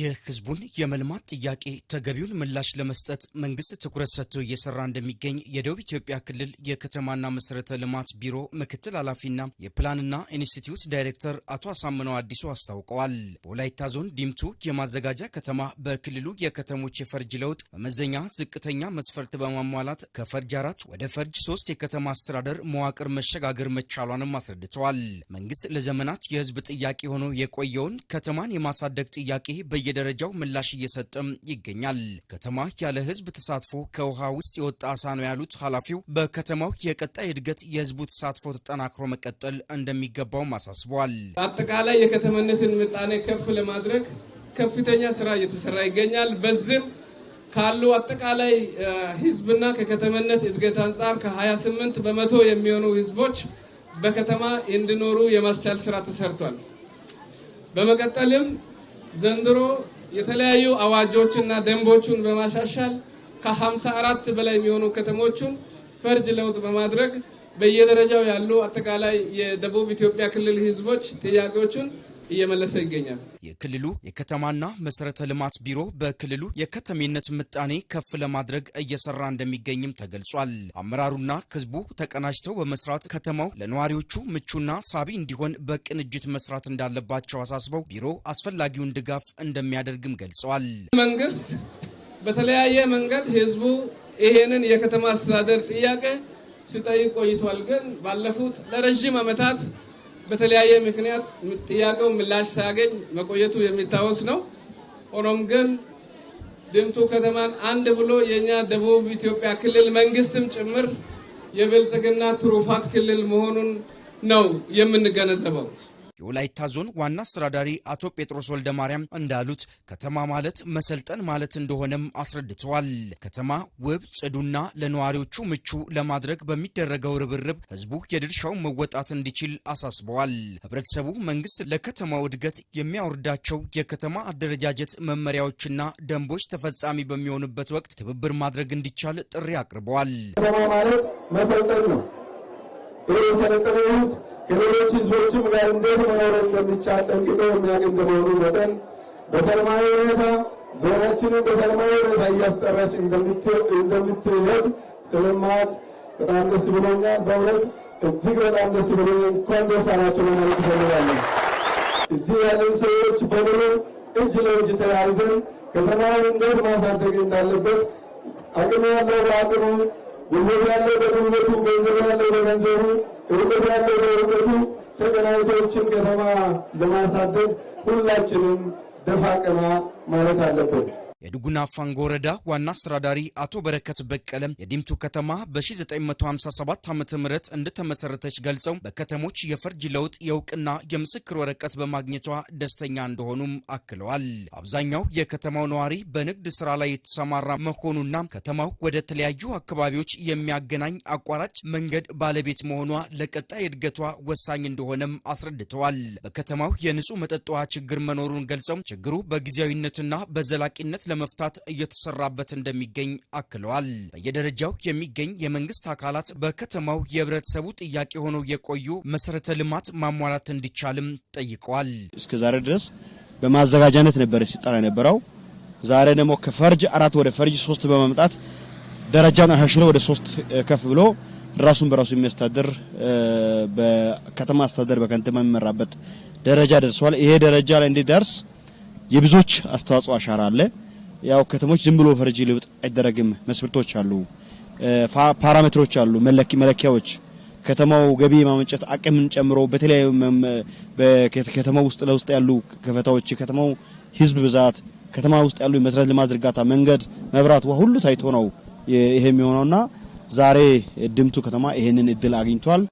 የህዝቡን የመልማት ጥያቄ ተገቢውን ምላሽ ለመስጠት መንግስት ትኩረት ሰጥቶ እየሰራ እንደሚገኝ የደቡብ ኢትዮጵያ ክልል የከተማና መሰረተ ልማት ቢሮ ምክትል ኃላፊና የፕላንና ኢንስቲትዩት ዳይሬክተር አቶ አሳምነው አዲሱ አስታውቀዋል። በወላይታ ዞን ዲምቱ የማዘጋጃ ከተማ በክልሉ የከተሞች የፈርጅ ለውጥ መመዘኛ ዝቅተኛ መስፈርት በማሟላት ከፈርጅ አራት ወደ ፈርጅ ሶስት የከተማ አስተዳደር መዋቅር መሸጋገር መቻሏንም አስረድተዋል። መንግስት ለዘመናት የህዝብ ጥያቄ ሆኖ የቆየውን ከተማን የማሳደግ ጥያቄ በ በየደረጃው ምላሽ እየሰጠም ይገኛል። ከተማ ያለ ህዝብ ተሳትፎ ከውሃ ውስጥ የወጣ አሳ ነው ያሉት ኃላፊው በከተማው የቀጣይ እድገት የህዝቡ ተሳትፎ ተጠናክሮ መቀጠል እንደሚገባውም አሳስበዋል። አጠቃላይ የከተማነትን ምጣኔ ከፍ ለማድረግ ከፍተኛ ስራ እየተሰራ ይገኛል። በዚህም ካሉ አጠቃላይ ህዝብና ከከተመነት እድገት አንጻር ከ28 በመቶ የሚሆኑ ህዝቦች በከተማ እንዲኖሩ የማስቻል ስራ ተሰርቷል። በመቀጠልም ዘንድሮ የተለያዩ አዋጆችና ደንቦችን በማሻሻል ከ54 በላይ የሚሆኑ ከተሞችን ፈርጅ ለውጥ በማድረግ በየደረጃው ያሉ አጠቃላይ የደቡብ ኢትዮጵያ ክልል ህዝቦች ጥያቄዎችን እየመለሰ ይገኛል። የክልሉ የከተማና መሰረተ ልማት ቢሮ በክልሉ የከተሜነት ምጣኔ ከፍ ለማድረግ እየሰራ እንደሚገኝም ተገልጿል። አመራሩና ህዝቡ ተቀናጅተው በመስራት ከተማው ለነዋሪዎቹ ምቹና ሳቢ እንዲሆን በቅንጅት መስራት እንዳለባቸው አሳስበው ቢሮ አስፈላጊውን ድጋፍ እንደሚያደርግም ገልጸዋል። መንግስት በተለያየ መንገድ ህዝቡ ይሄንን የከተማ አስተዳደር ጥያቄ ሲጠይቅ ቆይቷል። ግን ባለፉት ለረዥም ዓመታት በተለያየ ምክንያት ጥያቄው ምላሽ ሳያገኝ መቆየቱ የሚታወስ ነው። ሆኖም ግን ድምቱ ከተማን አንድ ብሎ የእኛ ደቡብ ኢትዮጵያ ክልል መንግስትም ጭምር የብልጽግና ትሩፋት ክልል መሆኑን ነው የምንገነዘበው። የወላይታ ዞን ዋና አስተዳዳሪ አቶ ጴጥሮስ ወልደ ማርያም እንዳሉት ከተማ ማለት መሰልጠን ማለት እንደሆነም አስረድተዋል። ከተማ ውብ፣ ጽዱና ለነዋሪዎቹ ምቹ ለማድረግ በሚደረገው ርብርብ ህዝቡ የድርሻውን መወጣት እንዲችል አሳስበዋል። ህብረተሰቡ መንግስት ለከተማው እድገት የሚያወርዳቸው የከተማ አደረጃጀት መመሪያዎችና ደንቦች ተፈጻሚ በሚሆኑበት ወቅት ትብብር ማድረግ እንዲቻል ጥሪ አቅርበዋል። ከተማ ማለት መሰልጠን ነው። ከሌሎች ህዝቦችም ጋር እንዴት መኖር እንደሚቻል ጠንቅቆ የሚያውቅ እንደመሆኑ መጠን በሰላማዊ ሁኔታ ዞናችንን በሰላማዊ ሁኔታ እያስጠራች እንደምትሄድ ስለማወቅ በጣም ደስ ብሎኛል። በእውነት እጅግ በጣም ደስ ብሎኛል። እንኳን ደስ አላችሁ ማለት እፈልጋለሁ። እዚህ ያለን ሰዎች በሙሉ እጅ ለእጅ ተያይዘን ከተማውን እንዴት ማሳደግ እንዳለበት አቅም ያለው በአቅሙ፣ ጉልበት ያለው በጉልበቱ፣ ገንዘብ ያለው በገንዘቡ ርቀት ያለው በርቀቱ ተገናኝቶችን ከተማ ለማሳደግ ሁላችንም ደፋ ቀና ማለት አለበት። የዱጉና ፋንጎ ወረዳ ዋና አስተዳዳሪ አቶ በረከት በቀለም የዲምቱ ከተማ በ1957 ዓ ም እንደተመሰረተች ገልጸው በከተሞች የፈርጅ ለውጥ የእውቅና የምስክር ወረቀት በማግኘቷ ደስተኛ እንደሆኑም አክለዋል። አብዛኛው የከተማው ነዋሪ በንግድ ስራ ላይ የተሰማራ መሆኑና ከተማው ወደ ተለያዩ አካባቢዎች የሚያገናኝ አቋራጭ መንገድ ባለቤት መሆኗ ለቀጣይ እድገቷ ወሳኝ እንደሆነም አስረድተዋል። በከተማው የንጹህ መጠጥ ውሃ ችግር መኖሩን ገልጸው ችግሩ በጊዜያዊነትና በዘላቂነት ለመፍታት እየተሰራበት እንደሚገኝ አክለዋል። በየደረጃው የሚገኝ የመንግስት አካላት በከተማው የህብረተሰቡ ጥያቄ ሆነው የቆዩ መሰረተ ልማት ማሟላት እንዲቻልም ጠይቀዋል። ዛሬ ድረስ በማዘጋጃነት ነበረ ሲጠራ የነበረው። ዛሬ ደግሞ ከፈርጅ አራት ወደ ፈርጅ ሶስት በመምጣት ደረጃውን አሻሽሎ ወደ ሶስት ከፍ ብሎ ራሱን በራሱ የሚያስተዳድር በከተማ አስተዳደር በከንቲባ የሚመራበት ደረጃ ደርሷል። ይሄ ደረጃ ላይ እንዲደርስ የብዙዎች አስተዋጽኦ አሻራ አለ። ያው ከተሞች ዝም ብሎ ፈረጂ ልውጥ አይደረግም። መስፈርቶች አሉ፣ ፓራሜትሮች አሉ፣ መለኪያዎች ከተማው ገቢ ማመንጨት አቅምን ጨምሮ በተለያዩ በከተማው ውስጥ ለውስጥ ያሉ ከፈታዎች፣ ከተማው ህዝብ ብዛት፣ ከተማ ውስጥ ያሉ መሰረተ ልማት ዝርጋታ፣ መንገድ፣ መብራት፣ ውሃ ሁሉ ታይቶ ነው ይሄ የሚሆነውና ዛሬ ድምቱ ከተማ ይሄንን እድል አግኝቷል።